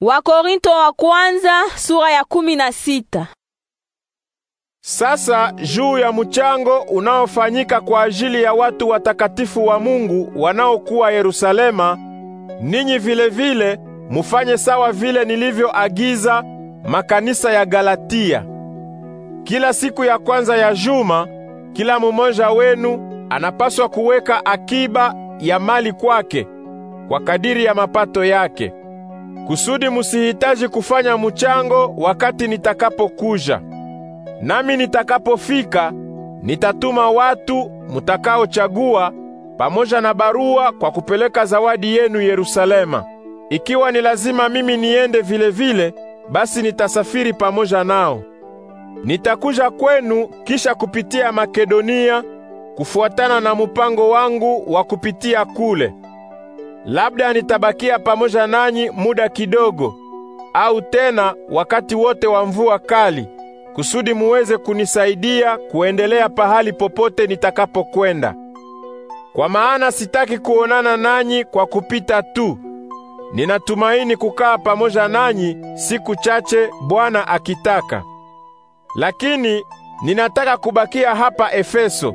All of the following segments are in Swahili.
Wakorinto wa kwanza sura ya kumi na sita. Sasa juu ya mchango unaofanyika kwa ajili ya watu watakatifu wa Mungu wanaokuwa Yerusalema, ninyi vile vile mufanye sawa vile nilivyoagiza makanisa ya Galatia. Kila siku ya kwanza ya juma, kila mumoja wenu anapaswa kuweka akiba ya mali kwake kwa kadiri ya mapato yake kusudi musihitaji kufanya mchango wakati nitakapokuja. Nami nitakapofika nitatuma watu mutakaochagua pamoja na barua kwa kupeleka zawadi yenu Yerusalema. Ikiwa ni lazima mimi niende vile vile, basi nitasafiri pamoja nao. Nitakuja kwenu kisha kupitia Makedonia kufuatana na mpango wangu wa kupitia kule. Labda nitabakia pamoja nanyi muda kidogo, au tena wakati wote wa mvua kali, kusudi muweze kunisaidia kuendelea pahali popote nitakapokwenda. Kwa maana sitaki kuonana nanyi kwa kupita tu. Ninatumaini kukaa pamoja nanyi siku chache Bwana akitaka. Lakini ninataka kubakia hapa Efeso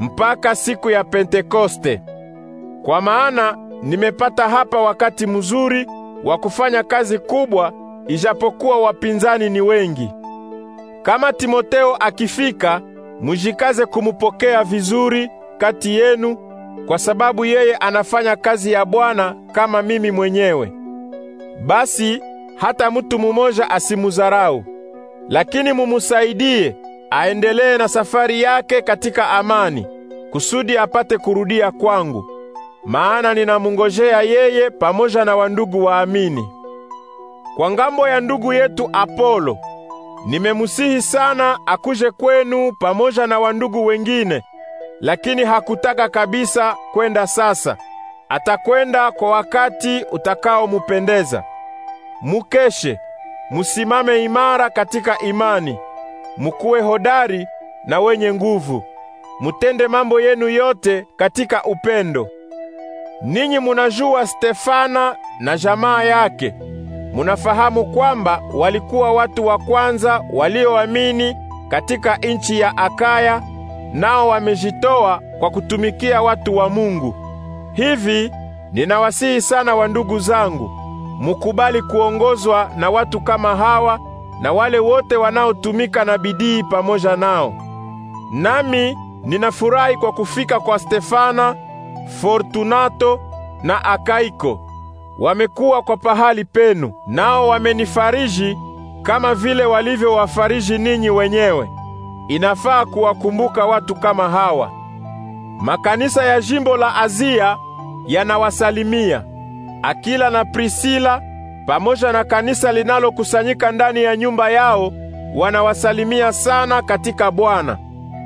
mpaka siku ya Pentekoste. Kwa maana Nimepata hapa wakati mzuri wa kufanya kazi kubwa, ijapokuwa wapinzani ni wengi. Kama Timoteo akifika, mujikaze kumupokea vizuri kati yenu, kwa sababu yeye anafanya kazi ya Bwana kama mimi mwenyewe. Basi hata mtu mumoja asimuzarau lakini mumusaidie aendelee na safari yake katika amani, kusudi apate kurudia kwangu maana ninamungojea yeye pamoja na wandugu waamini. Kwa ngambo ya ndugu yetu Apolo, nimemusihi sana akuje kwenu pamoja na wandugu wengine, lakini hakutaka kabisa kwenda sasa. Atakwenda kwa wakati utakaomupendeza. Mukeshe, musimame imara katika imani, mukuwe hodari na wenye nguvu, mutende mambo yenu yote katika upendo. Ninyi munajua Stefana na jamaa yake. Munafahamu kwamba walikuwa watu wa kwanza walioamini katika nchi ya Akaya, nao wamejitoa kwa kutumikia watu wa Mungu. Hivi ninawasihi sana wa ndugu zangu, mukubali kuongozwa na watu kama hawa na wale wote wanaotumika na bidii pamoja nao. Nami ninafurahi kwa kufika kwa Stefana Fortunato na Akaiko wamekuwa kwa pahali penu, nao wamenifariji kama vile walivyowafariji ninyi wenyewe. Inafaa kuwakumbuka watu kama hawa. Makanisa ya jimbo la Azia yanawasalimia. Akila na Prisila pamoja na kanisa linalokusanyika ndani ya nyumba yao wanawasalimia sana katika Bwana.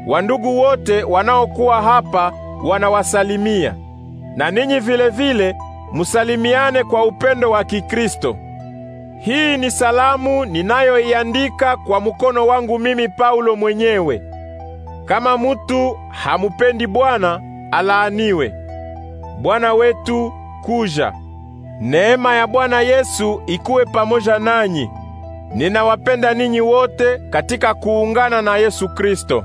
Wandugu wote wanaokuwa hapa wanawasalimia. Na ninyi vile vile musalimiane kwa upendo wa Kikristo. Hii ni salamu ninayoiandika kwa mkono wangu mimi Paulo mwenyewe. Kama mutu hamupendi Bwana, alaaniwe. Bwana wetu kuja. Neema ya Bwana Yesu ikuwe pamoja nanyi. Ninawapenda ninyi wote katika kuungana na Yesu Kristo.